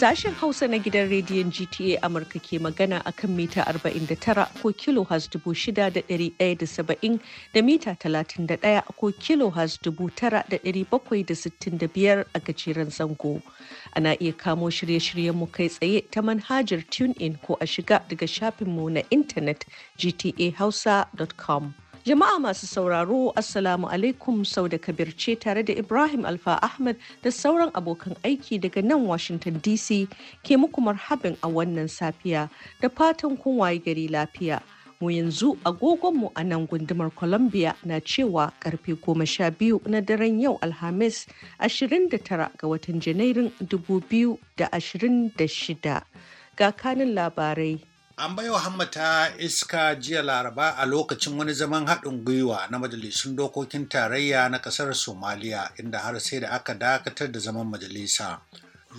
Sashen Hausa na gidan rediyon GTA Amurka ke magana a kan mita 49 ko dubu shida da da da saba'in mita 31 ko dubu tara da da bakwai sittin da biyar a gajeren zango. Ana iya kamo shirye-shiryen mu kai tsaye ta manhajar TuneIn ko a shiga daga shafinmu na intanet gtahausa.com. Jama'a masu sauraro Assalamu alaikum sau da kabir ce tare da Ibrahim Alfa ahmed da sauran abokan aiki daga nan Washington DC ke muku marhabin a wannan safiya da fatan kun waye gari lafiya. Mu yanzu agogonmu a nan gundumar Columbia na cewa karfe goma sha biyu na daren yau Alhamis 29 ga watan Janairun 2026 ga kanin labarai. An baiwa hammata iska jiya laraba a lokacin wani zaman haɗin gwiwa na majalisun dokokin tarayya na ƙasar Somaliya inda har sai da aka dakatar da zaman majalisa.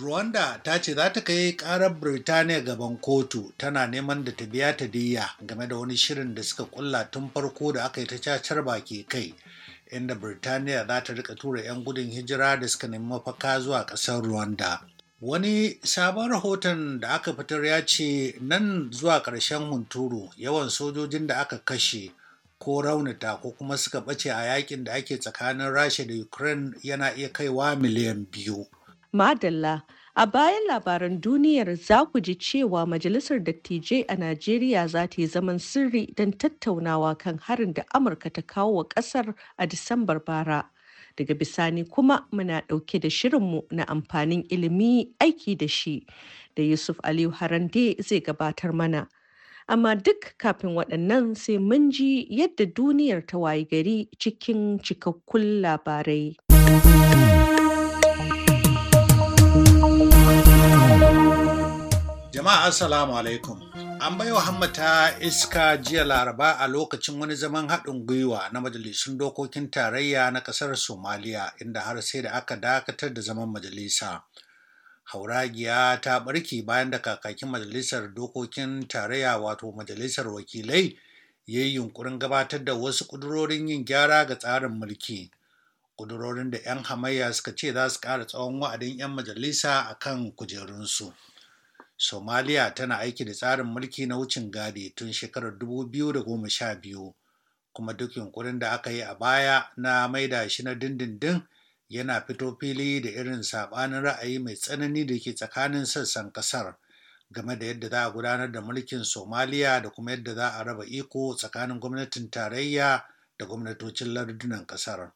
Rwanda ta ce za ta kai ƙarar Birtaniya gaban kotu tana neman da ta biya ta diya game da wani shirin da suka kulla tun farko da aka yi ta cacar baki kai inda Birtaniya za ta rika tura 'yan gudun hijira da suka nemi mafaka zuwa ƙasar Rwanda. Wani sabon rahoton da aka fitar ya ce nan zuwa ƙarshen hunturu yawan sojojin da aka kashe ko raunata ko kuma suka ɓace a yakin da ake tsakanin Rasha da Ukraine yana iya kaiwa miliyan biyu. Madalla, a bayan labaran duniyar za ku ji cewa Majalisar Dattijai a Najeriya za ta yi zaman sirri don tattaunawa kan harin da Amurka ta kawo wa ƙasar a Disambar bara. Daga bisani kuma muna ɗauke da shirinmu na amfanin ilimi aiki da shi da Yusuf Aliyu Harande zai gabatar mana. Amma duk kafin waɗannan sai mun ji yadda duniyar ta wayi gari cikin cikakkun labarai. Jama'a Assalamu alaikum. An bai wa ta iska jiya Laraba a lokacin wani zaman haɗin gwiwa na majalisun dokokin tarayya na ƙasar Somaliya inda har sai da aka dakatar da zaman majalisa. Hauragiya ta ɓarki bayan da kakakin majalisar dokokin tarayya wato majalisar wakilai ya yi yunkurin gabatar da wasu ƙudurorin yin gyara ga tsarin mulki. Ƙudurorin da 'yan hamayya suka ce za su ƙara tsawon wa'adin 'yan majalisa a kan kujerunsu. Somalia tana aiki da tsarin mulki na wucin gadi tun shekarar 2012 kuma duk yunkurin da aka yi a baya na maida shi na dindindin yana fito fili da irin saɓanin ra'ayi mai tsanani da ke tsakanin sassan ƙasar game da yadda za a gudanar da mulkin Somaliya da kuma yadda za a raba iko tsakanin gwamnatin tarayya da gwamnatocin lardunan ƙasar.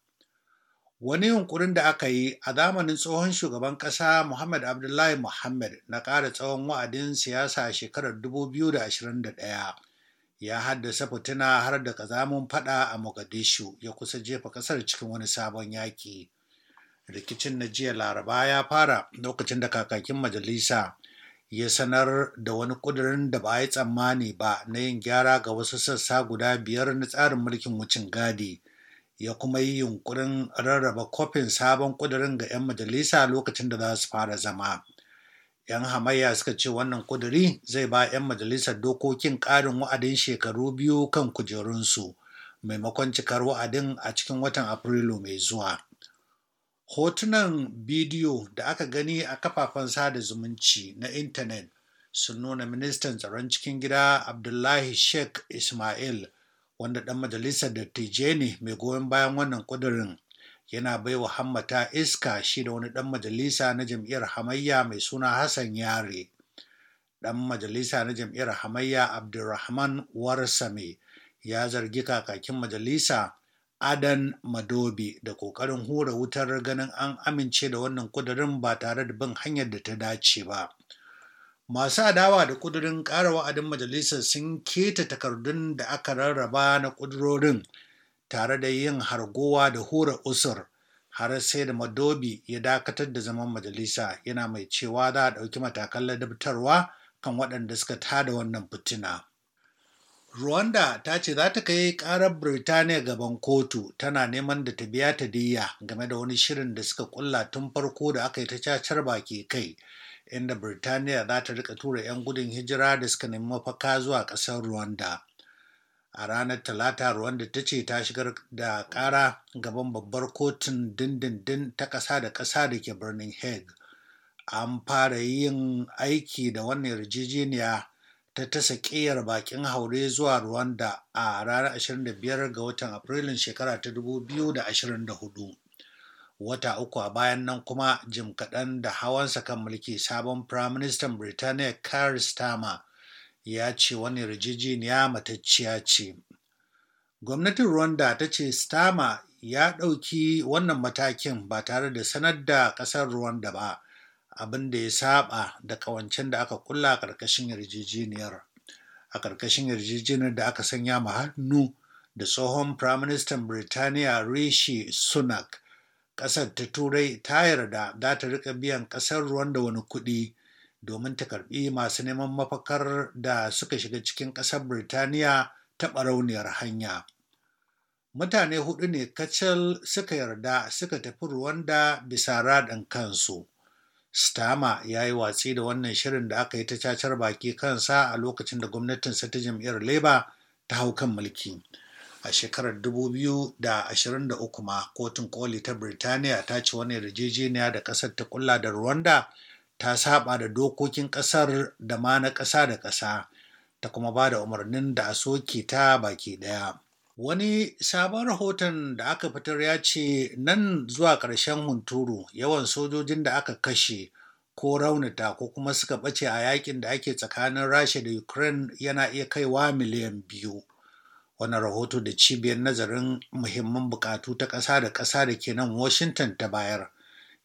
Wani yunkurin da aka yi a zamanin tsohon shugaban ƙasa Muhammad Abdullahi Muhammad na ƙara tsawon wa'adin siyasa a shekarar 2021 ya haddasa fituna har da ƙazamun fada a Mogadishu ya kusa jefa ƙasar cikin wani sabon yaƙi. Rikicin na jiya Laraba ya fara lokacin da kakakin majalisa ya sanar da wani ƙudurin da ba a yi tsammani ba na yin gyara ga wasu sassa guda biyar na tsarin mulkin wucin gadi. ya kuma yi yunkurin rarraba kofin sabon kudirin ga 'yan majalisa lokacin da za su fara zama. 'Yan hamayya suka ce wannan kuduri zai ba 'yan majalisar dokokin ƙarin wa'adin shekaru biyu kan kujerunsu maimakon cikar wa'adin a cikin watan Afrilu mai zuwa. Hotunan bidiyo da aka gani a kafafen sada zumunci na intanet sun nuna ministan tsaron cikin gida Abdullahi Sheikh Ismail. wanda ɗan majalisar dattijai ne mai goyon bayan wannan ƙudurin yana bai baiwa hammata iska shi da wani ɗan majalisa na jam'iyyar hamayya mai suna hassan yare ɗan majalisa na jam'iyyar hamayya abdulrahman warsame ya zargi kakakin majalisa adan madobi da ƙoƙarin hura wutar ganin an amince da wannan ƙudurin ba tare da bin hanyar da ta dace ba Masu adawa da ƙudurin ƙara wa'adin majalisar sun keta takardun da aka rarraba na kudurorin, tare da yin hargowa da hura usur har sai da madobi ya dakatar da zaman majalisa yana mai cewa za a ɗauki matakan ladabtarwa kan waɗanda suka tada wannan fitina. Rwanda ta ce za ta kai ƙarar Birtaniya gaban kotu tana neman da ta biya ta diya game da wani shirin da suka kulla tun farko da aka yi ta cacar baki kai inda Birtaniya za ta rika tura 'yan gudun hijira da suka nemi mafaka zuwa ƙasar Rwanda. A ranar Talata, Rwanda ta ce ta shigar da ƙara gaban babbar kotun dindindin ta ƙasa da ƙasa da ke birnin Hague. An fara yin aiki da wannan yarjejeniya ta tasa sakiyar bakin haure zuwa Rwanda a ranar 25 ga watan Afrilun shekara ta 2024. wata uku a bayan nan kuma jim kaɗan da hawansa kan mulki sabon firaministan birtaniya Keir Starmer ya ce wani yarjejeniya matacciya ce gwamnatin rwanda ta ce Starmer ya ɗauki wannan matakin ba tare da sanar da ƙasar rwanda ba abin da ya saba da ƙawancen da aka kulla a ƙarƙashin yarjejeniyar a ƙarƙashin yarjejeniyar da aka sanya ma hannu da tsohon firaministan birtaniya rishi sunak ƙasar ta turai ta yarda za ta rika biyan ƙasar ruwan da wani kuɗi domin ta karɓi masu neman mafakar da suka shiga cikin ƙasar birtaniya ta ɓarauniyar hanya mutane hudu ne kacal suka yarda suka tafi ruwanda bisa radin kansu stama ya yi watsi da wannan shirin da aka yi ta cacar baki kansa a lokacin da gwamnatinsa ta jam'iyyar labour ta hau kan mulki. a shekarar 2023 ma kotun koli ta birtaniya ta ci wani yarjejeniya da kasar ta kulla da rwanda ta saba da dokokin kasar da ma na kasa da kasa ta kuma ba da umarnin da a soke ta baki daya wani sabon rahoton da aka fitar ya ce nan zuwa ƙarshen hunturu yawan sojojin da aka kashe ko raunata ko kuma suka ɓace a yakin da ake tsakanin rasha da ukraine yana iya kaiwa miliyan biyu wani rahoto da cibiyar nazarin muhimman bukatu ta ƙasa da ƙasa da ke nan washington ta bayar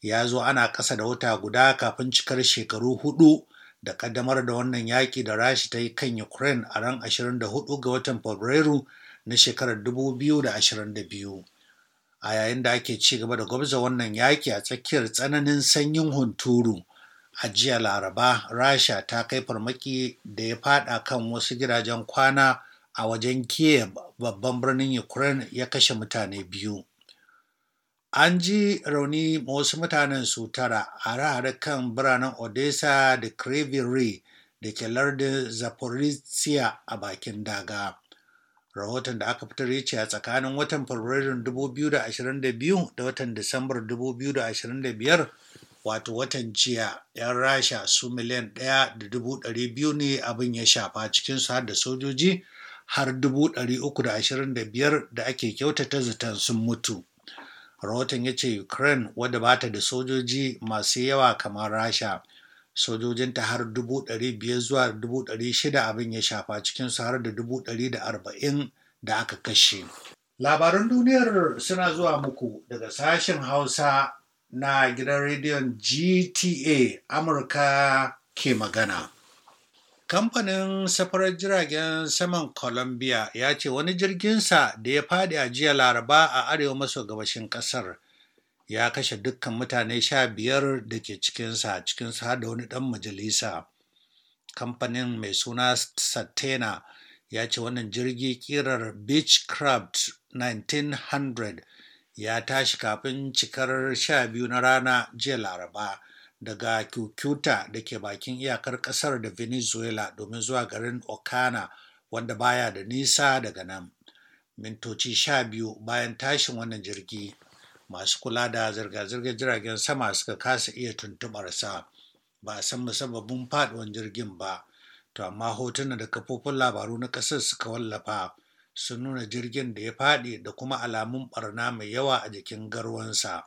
ya zo ana ƙasa da wata guda kafin cikar shekaru hudu da ƙaddamar da wannan yaƙi da rashi ta yi kan ukraine a ran 24 ga watan fabrairu na shekarar 2022 a yayin da ake ci gaba da gwabza wannan yaƙi a tsakiyar tsananin sanyin hunturu a jiya laraba rasha ta kai farmaki da ya faɗa kan wasu gidajen kwana a wajen Kiev babban birnin Ukraine ya kashe mutane biyu. An ji rauni ma wasu mutanen su tara hare-hare kan biranen Odessa da kreviri da ke lardin Zaporizhia a bakin daga. Rahoton da aka fitar ya ce a tsakanin watan Fabrairun 2022 da watan Disambar 2025 wato watan jiya 'yan rasha su miliyan ɗaya da dubu ne abin ya shafa cikinsu har da sojoji har 325 da ake kyautata zaton sun mutu. Rahoton ya ce Ukraine wadda ba ta da sojoji masu yawa kamar Rasha, sojojinta har 500 zuwa 600 abin ya shafa cikin su har da 140 da aka kashe. Labaran duniyar suna zuwa muku daga sashen Hausa na gidan rediyon GTA Amurka ke magana. Kamfanin safarar jiragen saman Colombia ya ce wani jirginsa da ya fadi a jiya Laraba a arewa maso gabashin kasar ya kashe dukkan mutane sha biyar da ke cikinsa cikinsu har da wani dan majalisa. Kamfanin mai suna Satena ya ce wannan jirgi kirar Beechcraft 1900 ya tashi kafin cikar sha biyu na rana jiya Laraba. daga Cucuta da ke bakin iyakar ƙasar da Venezuela domin zuwa garin Okana wanda baya da nisa daga nan. Mintoci sha biyu bayan tashin wannan jirgi masu kula da zirga-zirgar jiragen sama suka kasa iya tuntuɓarsa ba a san musabbabin faɗuwar jirgin ba. To amma hotuna da kafofin labaru na ƙasar suka wallafa sun nuna jirgin da ya faɗi da kuma alamun ɓarna mai yawa a jikin garwansa.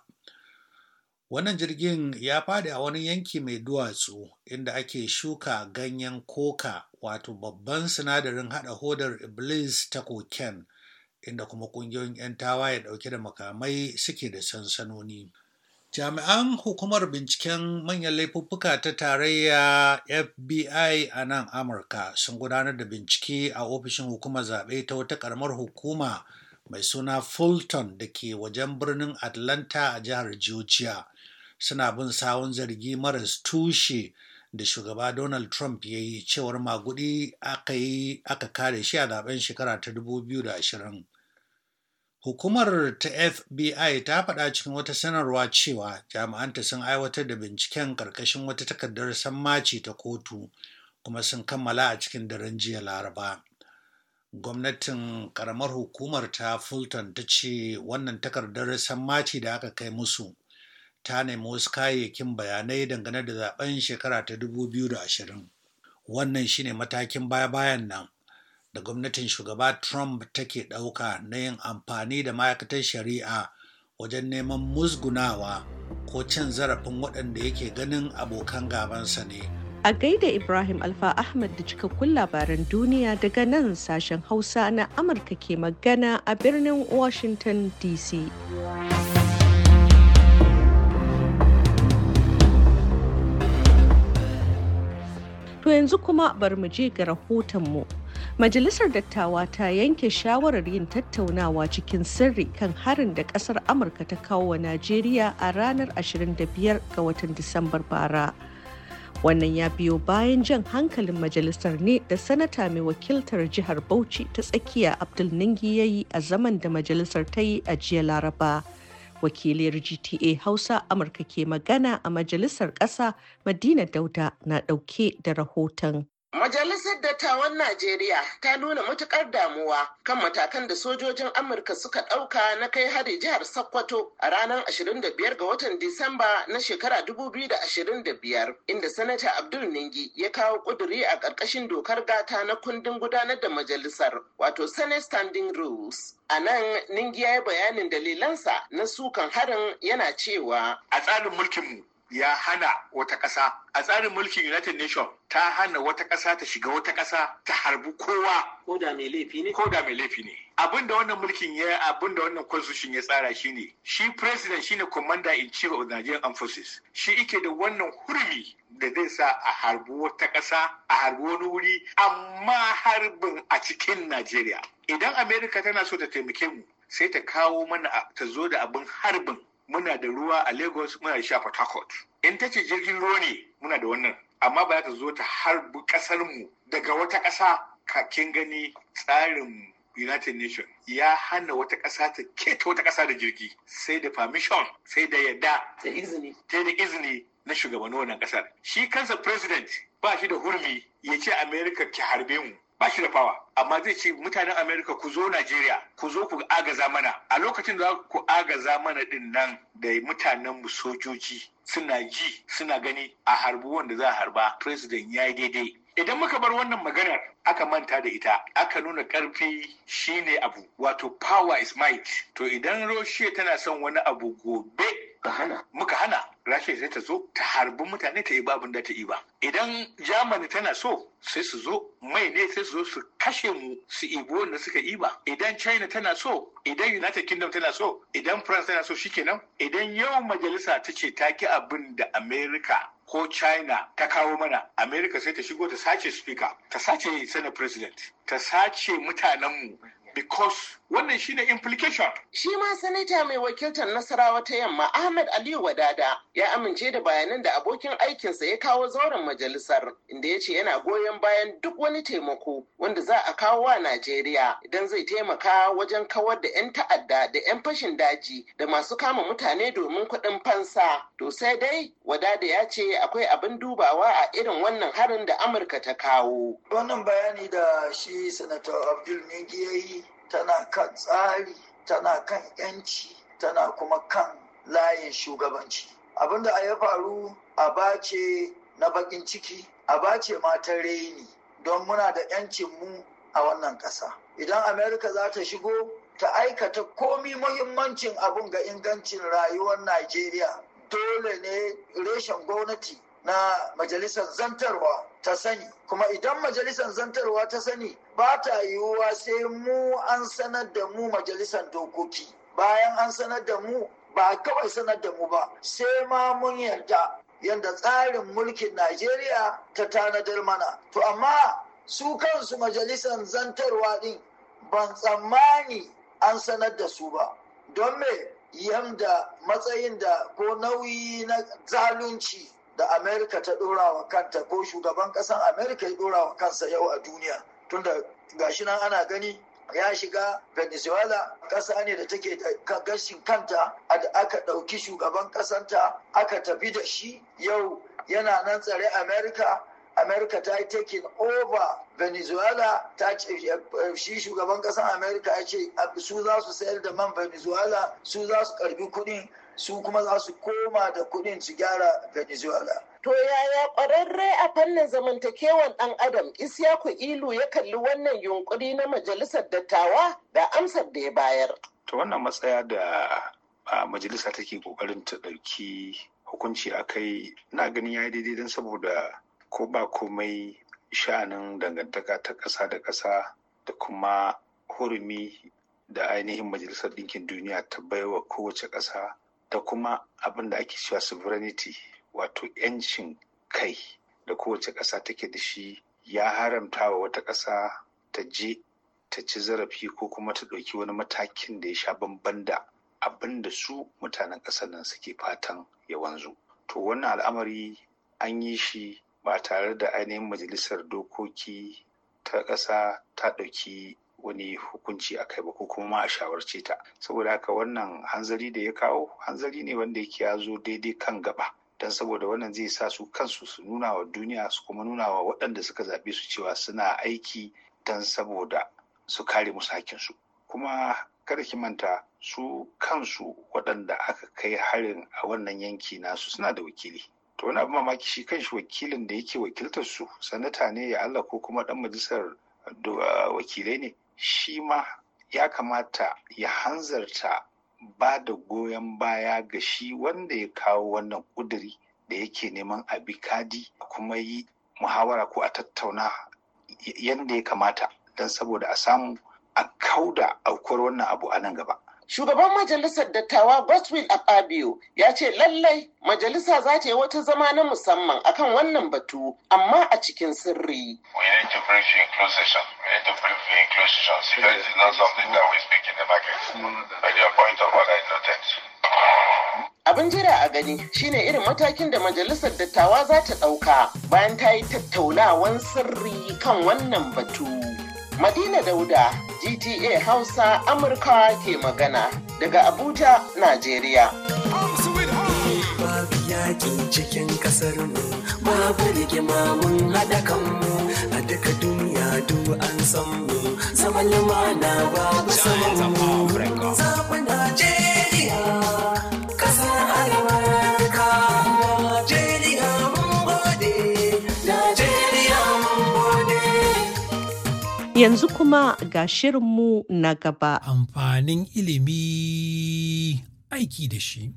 Wannan jirgin ya faɗi a wani yanki mai duwatsu inda ake shuka ganyen koka wato babban sinadarin haɗa hodar Iblis ta koken inda kuma ƙungiyoyin 'yan tawaye ɗauke da makamai suke da sansanoni. Jami'an hukumar binciken manyan laifuffuka ta tarayya FBI a nan Amurka sun gudanar da bincike a ofishin hukumar zaɓe ta wata ƙaramar hukuma mai suna Fulton da ke wajen birnin Atlanta a jihar Georgia suna bin sawun zargi maras tushe da shugaba Donald Trump ya yi cewar magudi aka aka kare shi a zaben shekara ta 2020. Hukumar ta FBI ta faɗa cikin wata sanarwa cewa jami'anta sun aiwatar da binciken ƙarƙashin wata takardar sammaci ta kotu kuma sun kammala a cikin daren jiya Laraba. Gwamnatin karamar hukumar ta Fulton ta ce wannan takardar sammaci da aka kai musu ta nemi wasu kayayyakin bayanai dangane da zaben shekara ta 2020. Wannan shine matakin baya-bayan nan da gwamnatin shugaba Trump take ɗauka na yin amfani da ma'aikatar shari'a wajen neman musgunawa ko cin zarafin waɗanda yake ganin abokan gabansa ne. A gaida Ibrahim Alfa Ahmad da cikakkun labaran duniya daga nan sashen Hausa na Amurka ke magana a birnin Washington DC. To yanzu kuma bari mu je ga rahoton mu Majalisar Dattawa ta yanke shawarar yin tattaunawa cikin sirri kan harin da kasar Amurka ta kawo wa Najeriya a ranar 25 ga watan Disambar bara. Wannan ya biyo bayan jan hankalin majalisar ne da sanata mai wakiltar jihar Bauchi ta tsakiya Abdul Ningi ya yi a zaman da majalisar ta yi a jiya Laraba. wakiliyar gta hausa amurka ke magana a majalisar ƙasa madina dauda na ɗauke da rahoton Majalisar Dattawan Najeriya ta nuna matukar damuwa kan matakan da sojojin Amurka suka ɗauka na kai hari jihar Sokoto a ranar 25 ga watan Disamba na shekara 2025, inda Sanata Abdul Ningi ya kawo ƙuduri a ƙarƙashin dokar gata na kundin gudanar da majalisar, wato Senate Standing Rules. A nan Ningi ya yi bayanin dalilansa na sukan harin yana cewa. A tsarin mulkinmu ya hana wata ƙasa a tsarin mulkin united nation ta hana wata ƙasa ta shiga wata ƙasa ta harbi kowa ko da mai laifi ne ko da mai laifi ne abin da wannan mulkin ya abin da wannan constitution ya tsara shine shi president shine commander in chief of Nigerian armed forces shi ike da wannan hurmi da zai sa a harbi wata ƙasa a harbi wani wuri amma harbin a cikin Najeriya idan America tana so ta taimake mu sai ta kawo mana ta zo da abin harbin muna da ruwa a lagos muna da shi a port harcourt in ta ce jirgin ruwa ne muna da wannan amma ba za ta zo ta harbi mu daga wata ƙasa kakin gani tsarin United Nations ya hana wata ƙasa ta keta wata ƙasa da jirgi sai da permission sai da yadda ta izini sai da izini na shugabannin wannan ƙasar shi kansa president ba shi da hurmi ya ce America ki harbe mu ba shi da fawa amma zai ce mutanen Amerika ku zo najeriya ku zo ku agaza mana a lokacin da ku agaza mana din nan da mutanen mu sojoji suna ji suna gani a harbi wanda za a harba president ya yi daidai idan muka bar wannan maganar aka manta da ita aka nuna karfi shine abu wato power is might to idan roshe tana son wani abu gobe muka hana rasha sai ta zo ta harbi mutane ta yi babin da ta yi ba idan jamani tana so sai su zo mai ne sai su zo su kashe mu su ibo wanda suka yi ba idan china tana so idan united kingdom tana so idan france tana so shikenan idan yau majalisa ta ce ta ki abin da america ko china ta kawo mana america sai ta shigo ta sace speaker ta sace senate president ta sace mutanenmu because wannan shine implication. Shi ma sanata mai wakiltar Nasarawa ta yamma Ahmed Aliyu Wadada ya amince da bayanan da abokin aikinsa ya kawo zauren majalisar inda ya ce yana goyon bayan duk wani taimako wanda za a kawo wa Najeriya idan zai taimaka wajen kawar da 'yan ta'adda da 'yan fashin daji da masu kama mutane domin kuɗin fansa. To sai dai Wadada ya ce akwai abin dubawa a irin wannan harin da Amurka ta kawo. Wannan bayani da shi sanata Abdul Mingi ya yi tana kan tsari tana kan yanci tana kuma kan layin shugabanci abinda a ya faru a bace na bakin ciki a bace matan reni don muna da yancin mu a wannan ƙasa idan amerika za ta shigo ta aikata komi muhimmancin abun ga ingancin rayuwar najeriya dole ne reshen gwamnati na majalisar zantarwa ta sani kuma idan majalisar zantarwa ta sani ba ta yiwuwa sai mu an sanar da mu majalisar dokoki bayan an sanar da mu ba kawai sanar da mu ba sai ma mun yarda yadda tsarin mulkin najeriya ta tanadar mana to amma su kansu majalisar zantarwa din ban tsammani an sanar da su ba don me yanda matsayin da ko nauyi na zalunci da amerika ta dora wa kanta ko shugaban kasan amerika ya dora wa kansa yau a duniya tunda gashi nan ana gani ya shiga venezuela kasa ne da take gashin kanta da aka ɗauki shugaban ƙasanta aka tafi da shi yau yana nan tsare amerika amerika ta yi taking over venezuela ta ce eh, shi shugaban ƙasar amerika ya ce su za su sayar da man venezuela su za su karbi kuɗin su kuma za su koma da kuɗin su gyara venezuela To yaya ƙwararre a fannin zamantakewan ɗan adam Isyaku Ilu ya kalli wannan yunkuri na majalisar dattawa da amsar da ya bayar. To wannan matsaya da a majalisa take ƙoƙarin ta ɗauki hukunci a kai na ganin ya daidai don saboda ko ba komai sha'anin dangantaka ta ƙasa da ƙasa da kuma hurumi da ainihin majalisar ɗinkin duniya ta baiwa kowace ƙasa da kuma abin da ake cewa sovereignty wato 'yancin kai da kowace ƙasa take da shi ya haramta wa wata ƙasa ta je ta ci zarafi ko kuma ta ɗauki wani matakin da ya sha bamban da abin da su mutanen ƙasar nan suke fatan ya wanzu. To wannan al'amari an yi shi ba tare da ainihin majalisar dokoki ta ƙasa ta ɗauki wani hukunci a kai ba ko kuma ma a shawarce ta saboda haka wannan hanzari da ya kawo hanzari ne wanda yake ya zo daidai kan gaba don saboda wannan zai sa su kansu su nuna wa duniya su kuma nuna wa waɗanda suka zaɓe su cewa suna aiki don saboda su kare musu hakinsu kuma kada ki manta su kansu waɗanda aka kai harin a wannan yanki nasu suna da wakili to wani abu mamaki shi kanshi wakilin da yake wakiltar su sanata ne ya Allah ko kuma dan majalisar uh, wakilai ne shi ma ya kamata ya hanzarta ba da goyon baya ga shi wanda ya kawo wannan ƙuduri da yake neman a bi kadi kuma yi muhawara ko a tattauna yadda ya kamata don saboda a samu a kauda aukuwar wannan abu a nan gaba. Shugaban Majalisar Dattawa Goswill Ababio ya ce lallai majalisa za ta yi wata zama na musamman akan wannan batu amma a cikin sirri. Abin jira a gani shine irin matakin da majalisar dattawa za ta ɗauka bayan ta yi tattaunawan sirri kan wannan batu. Madina Dauda, GTA Hausa, Amurka ke magana daga Abuja, Najeriya. Babu yakin cikin kasar mu, babu rigima mun haɗa kanmu, a duka duniya du an san mu, zaman lumana babu saman mu. Yanzu kuma ga shirinmu na gaba. Amfanin ilimi aiki da shi.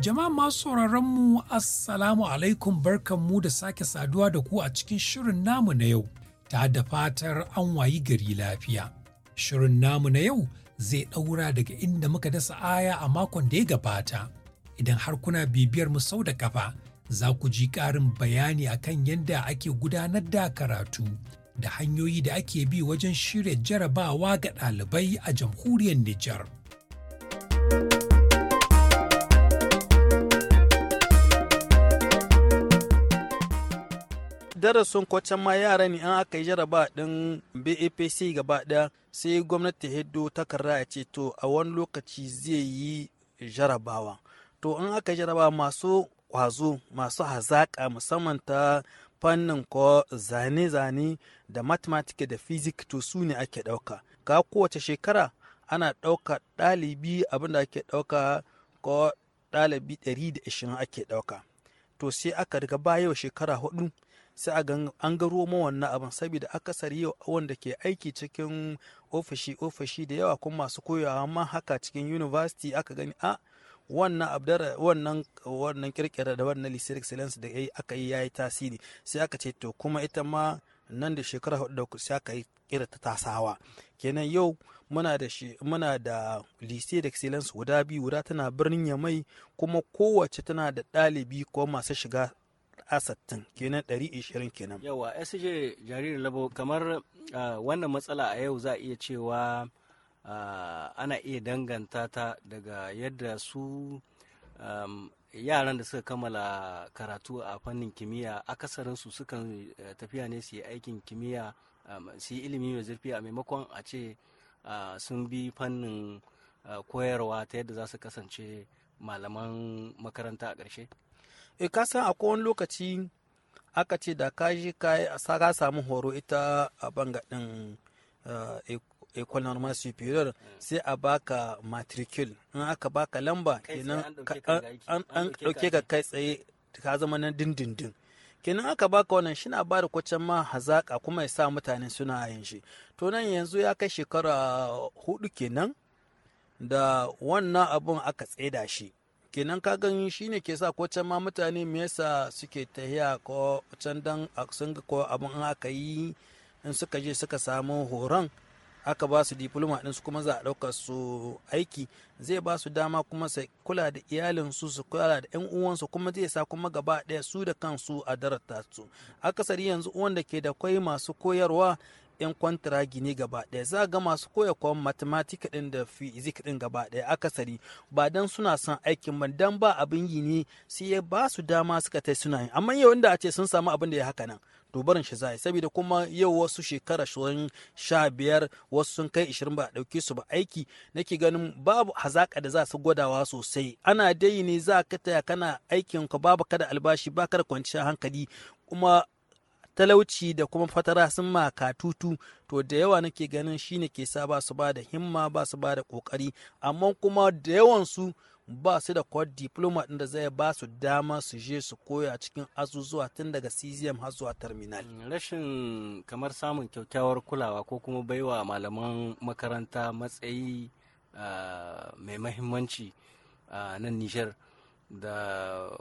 Jama'a masu mu Assalamu alaikum barkanmu da sake saduwa da ku a cikin shirin namu na yau, ta da fatar an wayi gari lafiya. Shirin namu na yau zai ɗaura daga inda muka dasa aya a makon da ya gabata. idan har kuna bibiyar mu sau da kafa za ku ji ƙarin bayani akan yadda ake gudanar da karatu da hanyoyi da ake bi wajen shirya jarabawa ga ɗalibai a jamhuriyar Nijar. darasin kwacan ma yara ne an aka yi jaraba ɗin bapc gaba ɗaya sai gwamnati hiddo takarda a ce to a wani lokaci zai yi jarabawa to in aka jaraba masu kwazo masu hazaƙa musamman ta fannin ko zane-zane da mathematics da physics to su ne ake ɗauka ga kowace shekara ana ɗauka ɗalibi abinda ake ɗauka ko ɗalibi 120 ake ɗauka to sai aka riga bayan shekara hudu sai a an ga romo wannan abin saboda akasari yau wanda ke aiki cikin ofishi ofishi da yawa kuma masu koyawa ma haka cikin university aka gani a ah, wannan abdara wannan wannan kirkira da wannan lisir excellence da aka yi yayi tasiri sai aka ce to kuma ita ma nan da shekara hudu da sai aka yi kira ta tasawa kenan yau muna da shi muna da lycée d'excellence guda biyu guda tana birnin yamai kuma kowace tana da ɗalibi ko masu shiga asattin kenan 120 kenan yawa sj jaririn labo kamar ah, wannan matsala a yau za a iya cewa Ah, ana iya danganta ta daga yadda su um, yaran da suka kammala karatu a fannin kimiyya akasarinsu sukan eh, tafiya ne su yi aikin kimiyya um, su yi ilimi mai zurfi a maimakon a ce ah, sun bi fannin ah, koyarwa ta yadda za su kasance malaman makaranta a ƙarshe? e kasan a kowane lokaci aka ce da ka je ka samu horo ita a bangaɗin ecole eh, normal superior hmm. sai a baka matricule in aka baka lamba kenan an dauke ka kai tsaye ka zama na dindindin kenan aka baka wannan shina ba da kwacen ma hazaƙa kuma ya sa mutane suna yin shi to nan yanzu ya kai shekara hudu kenan da wannan abun aka tseda shi kenan ka gani shi ne ke sa kwacen ma mutane me yasa suke tahiya ko can dan sun ko abun aka yi in suka je suka samu horon aka ba su diploma din su kuma za a ɗauka su aiki zai ba su dama kuma su kula da iyalinsu su kula da yan uwansu kuma zai sa kuma gaba ɗaya su da kansu a darata su akasari yanzu wanda ke da kwai masu koyarwa yan kwantara gini gaba ɗaya za ga masu koya kwan matematika ɗin da fizik ɗin gaba ɗaya akasari ba dan suna son aikin ba dan ba abin yi ne sai ya ba su dama suka tai suna yi amma yawan da a ce sun samu abin da ya haka nan to barin shi saboda kuma yau wasu shekara sun sha biyar wasu sun kai ishirin ba a ɗauke su ba aiki nake ganin babu hazaƙa da za su gwadawa sosai ana dai ne za ka taya kana aikin ka babu kada albashi ba kada kwanciyar hankali kuma talauci da kuma fatara sun ma ka tutu to da yawa nake ganin shine ke sa ba su ba da himma ba su ba da kokari amma kuma da yawan su ba su da kwad diploma ɗin da zai ba su dama su je su koya cikin azuzuwa tun daga cgm har zuwa terminal mm, rashin kamar samun kyakkyawar kulawa ko kuma baiwa malaman makaranta matsayi ah, mai mahimmanci a ah, nan nijar da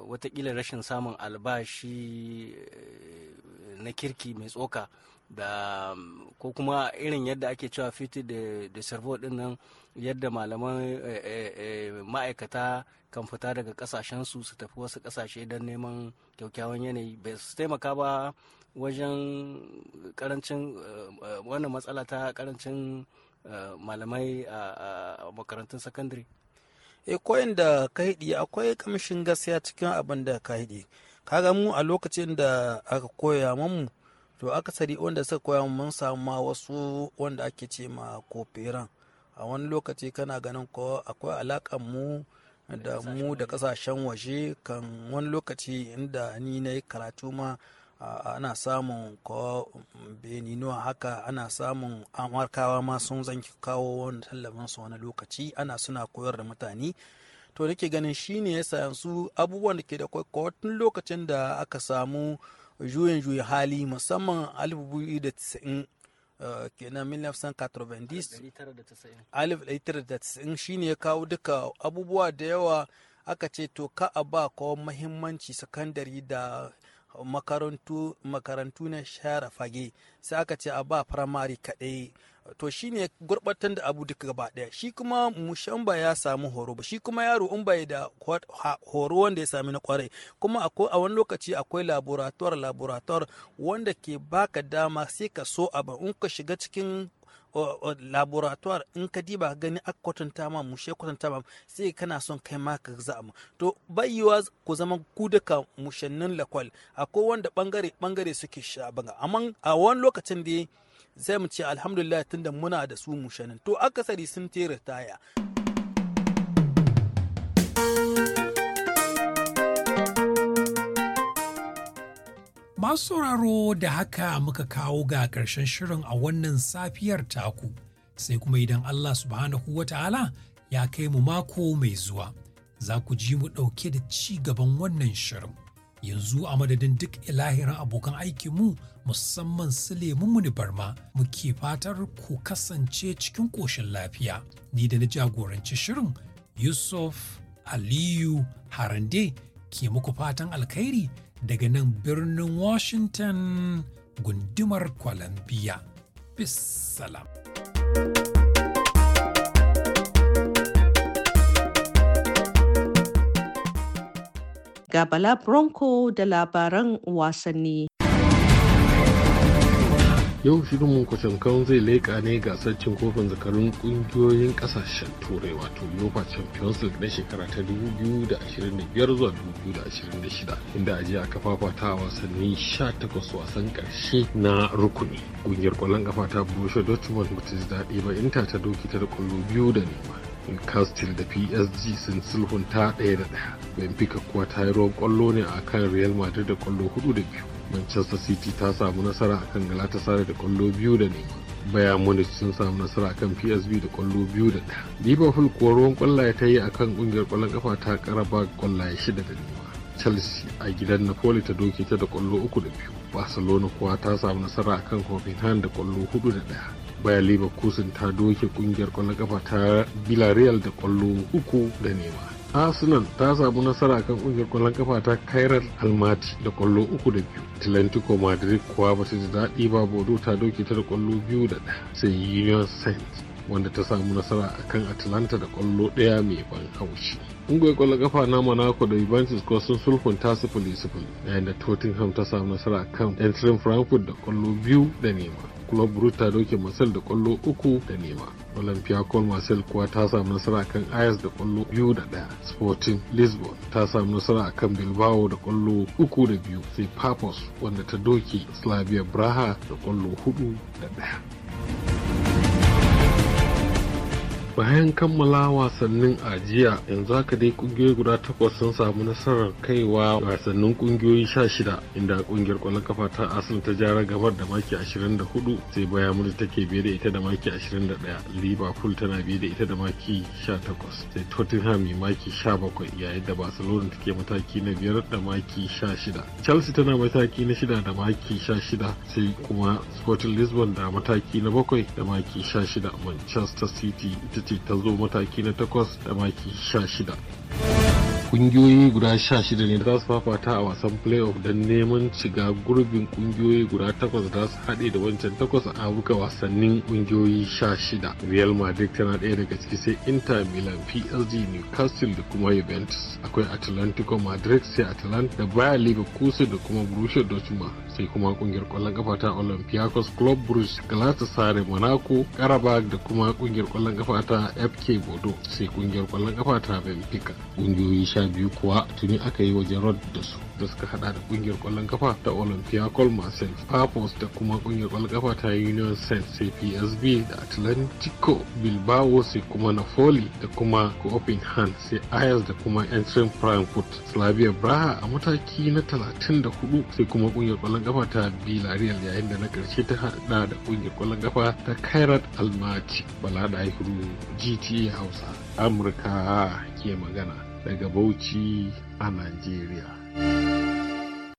watakila rashin samun albashi eh, na kirki mai tsoka da um, ko kuma irin yadda ake cewa fiti da servo din nan yadda malaman eh, eh, eh, ma'aikata kan fita daga kasashen su su tafi wasu kasashe don neman kyaukyawan yanayi bai su taimaka ba wajen karancin wannan matsala ta karancin malamai a makarantun sakandare e koyin da ka hidi akwai kamshin gaskiya cikin abin da ka hidi kaga mu a lokacin da aka koya mamu? to akasari wanda suka koya mun samu ma wasu wanda ake ce ma koferan a wani lokaci kana ganin ko akwai alakan mu da mu da kasashen waje kan wani lokaci inda ni na yi karatu ma ana samun ko beninuwa haka ana samun amurkawa ma sun zanki kawo wani tallafin su wani lokaci ana suna koyar da mutane to nake ganin shine ya yanzu abubuwan da ke da kwaikwatun lokacin da aka samu juyin juyi hali musamman 1990 eh, kenan 1990 shine ya kawo duka abubuwa da yawa aka ce to ka a ba kowa mahimmanci sakandare da makarantu, makarantu na share fage sai aka ce a ba firamare kaɗai to shine gurbatar da abu duka gaba ɗaya shi kuma mushamba ya samu horo ba shi kuma yaro in bai da horo wanda ya sami na kwarai kuma a wani lokaci akwai laboratoire laboratoire wanda ke baka dama sai ka so abu in ka shiga cikin laboratoire in ka diba gani aka kwatanta ma mu mushe kwatanta ma sai kana son kai ma ka za mu to bayyuwa ku zama ku duka mushannin lakwal akwai wanda bangare bangare suke sha banga amma a wani lokacin da sai mu ce alhamdulillah tunda muna da su mushannin to akasari sun tere taya Masu sauraro da haka muka kawo ga ƙarshen shirin a wannan safiyar taku, sai kuma idan Allah subhanahu wa ta'ala ya kai mu mako mai zuwa, za ku ji mu ɗauke da ci gaban wannan shirin. Yanzu a madadin duk ilahirin abokan aikinmu musamman su mu ni barma muke fatar ku kasance cikin ƙoshin lafiya. Ni da na jagoranci shirin Yusuf Aliyu Harande ke muku fatan alkhairi. daga nan birnin Washington gundumar Columbia. Bis salam. Ga Bala Bronco da labaran wasanni. yau shirin mun kwacankan zai leƙa ne gasar cin kofin zakarun ƙungiyoyin ƙasashen turai wato europa champions league na shekara ta 2025 zuwa 2026 inda jiya aka fafata wasanni 18 wasan ƙarshe na rukuni ƙungiyar ƙwallon ƙafa ta borussia dortmund ba ta ji daɗi ba inta ta doki ta da ƙwallo biyu da nema Newcastle da PSG sun sulhunta ɗaya da ɗaya. Benfica kuwa ta yi ruwan ƙwallo ne a kan Real Madrid da ƙwallo hudu da biyu. manchester city ta samu nasara akan galatasaray da kwallo biyu da nema baya munich sun samu nasara akan psv da kwallo biyu da ɗaya liverpool kuwa ruwan kwallaye ta yi akan kungiyar kwallon kafa ta karaba kwallaye shida da nema chelsea a gidan napoli ta doke ta da kwallo uku da biyu barcelona kuwa ta samu nasara akan copenhagen da kwallo hudu da ɗaya baya liverpool sun ta doke kungiyar kwallon kafa ta villarreal da kwallo uku da nema arsenal ta samu nasara kan kungiyar kwallon kafa ta kairar almati da kwallo uku da biyu atlantico madrid kuwa ba su ji daɗi ba bodo ta doke ta da kwallo biyu da ɗaya sai union saint wanda ta samu nasara a kan atlanta da kwallo ɗaya mai ban haushi ungoyi kwallo kafa na monaco da juventus ko sun sulhunta sifili sifili yayin da tottenham ta samu nasara kan entrin frankfurt da kwallo biyu da nema club brut ta doke masar da kwallo uku da nema olympiacos marcel kuwa ta samu nasara kan ayas da kwallo biyu da ɗaya. sporting lisbon ta samu nasara kan bilbao da kwallo uku da biyu sai papos wanda ta doke slavia braha da kwallo hudu da ɗaya. bayan kammala wasannin ajiya yanzu haka dai kungiyoyi guda takwas sun samu nasarar kaiwa wasannin kungiyoyi sha shida inda kungiyar kwallon kafa ta asin ta jara gabar da maki 24 sai bayan muni take biye da ita da maki 21 liverpool tana biye da ita da maki 18 sai tottenham mai maki 17 yayin da barcelona take mataki na biyar da maki 16 chelsea tana mataki na shida da maki 16 sai kuma sporting lisbon da mataki na bakwai da maki 16 manchester city ita ce ta zo mataki na takwas da maki sha shida. kungiyoyi guda sha shida ne za su fafata a wasan playoff don neman shiga gurbin kungiyoyi guda takwas da su haɗe da wancan takwas a buga wasannin kungiyoyi sha shida real madrid tana ɗaya daga ciki sai inter milan psg newcastle da kuma juventus akwai atlantico madrid sai atlanta da bayer kusa da kuma borussia dortmund sai kuma kungiyar kwallon kafa ta olympiacos club bruges galatasaray monaco karabag da kuma kungiyar kwallon kafa ta fk bodo sai kungiyar kwallon kafa ta benfica kungiyoyi sha biyu kuwa tuni aka yi wajen rod da su da suka hada da kungiyar kwallon kafa ta olympiacos marseille papos da kuma kungiyar kwallon kafa ta union saint cpsb da atlantico bilbao sai kuma napoli da kuma hand sai ayas da kuma entrain frankfurt slavia braha a mataki na 34 sai kuma kungiyar kwallon kafa ta bilarial yayin da na karshe ta hada da kungiyar kwallon kafa ta kairat almaci bala da gta hausa amurka ke magana daga Bauchi a Najeriya.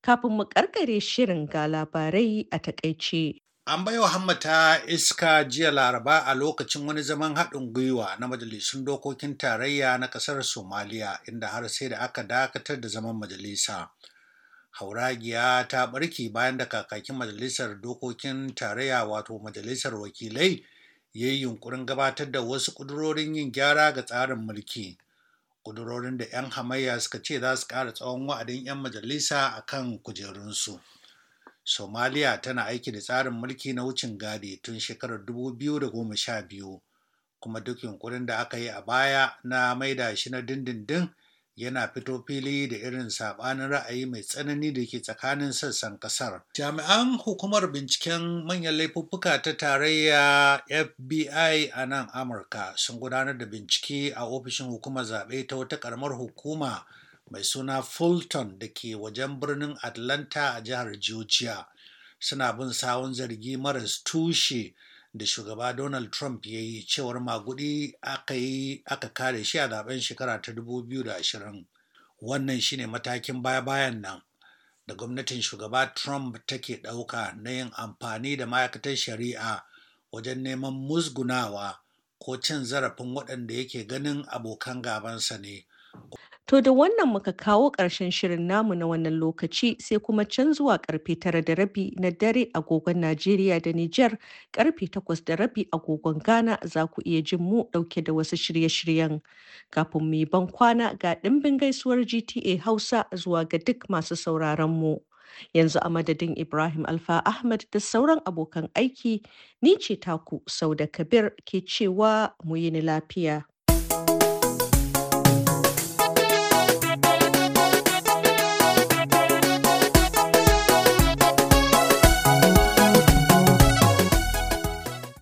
Kafin mu karkare shirin ga labarai a takaice. An bai wa ta iska jiya laraba a lokacin wani zaman haɗin gwiwa na majalisun dokokin tarayya na ƙasar Somaliya inda har sai da aka dakatar da zaman majalisa. Hauragiya ta ɓarke bayan da kakakin majalisar dokokin tarayya wato majalisar wakilai ya yi yunkurin gabatar da wasu ƙudurorin yin gyara ga tsarin mulki. Kudurorin da 'yan hamayya suka ce za su ƙara tsawon wa'adin 'yan majalisa a kan kujerunsu. Somaliya tana aiki da tsarin mulki na wucin gadi tun shekarar 2012 kuma duk yunkurin da aka yi a baya na maida shi na dindindin yana fito fili da irin saɓanin ra'ayi mai tsanani da ke tsakanin sassan ƙasar. Jami'an hukumar binciken manyan laifuffuka ta tarayya FBI a nan Amurka sun gudanar da bincike a ofishin hukumar zaɓe ta wata ƙaramar hukuma mai suna Fulton da ke wajen birnin Atlanta a jihar Georgia. Suna bin sawun zargi maras tushe da shugaba Donald Trump ya yi cewar magudi aka aka kare shi a zaben shekara ta 2020. Wannan shine matakin baya-bayan nan da gwamnatin shugaba Trump take ɗauka na yin amfani da ma'aikatar shari'a wajen neman musgunawa ko cin zarafin waɗanda yake ganin abokan gabansa ne To da wannan muka kawo ƙarshen shirin namu na wannan lokaci sai kuma can zuwa ƙarfe tara da rabi na dare agogon Najeriya da Nijar ƙarfe takwas da rabi agogon Ghana za ku iya jin mu ɗauke da wasu shirye-shiryen. Kafin mu yi ban kwana ga ɗimbin gaisuwar GTA Hausa zuwa ga duk masu sauraron mu. Yanzu a madadin Ibrahim Alfa Ahmad da sauran abokan aiki, ni ce taku sau da Kabir ke cewa mu yi ni lafiya.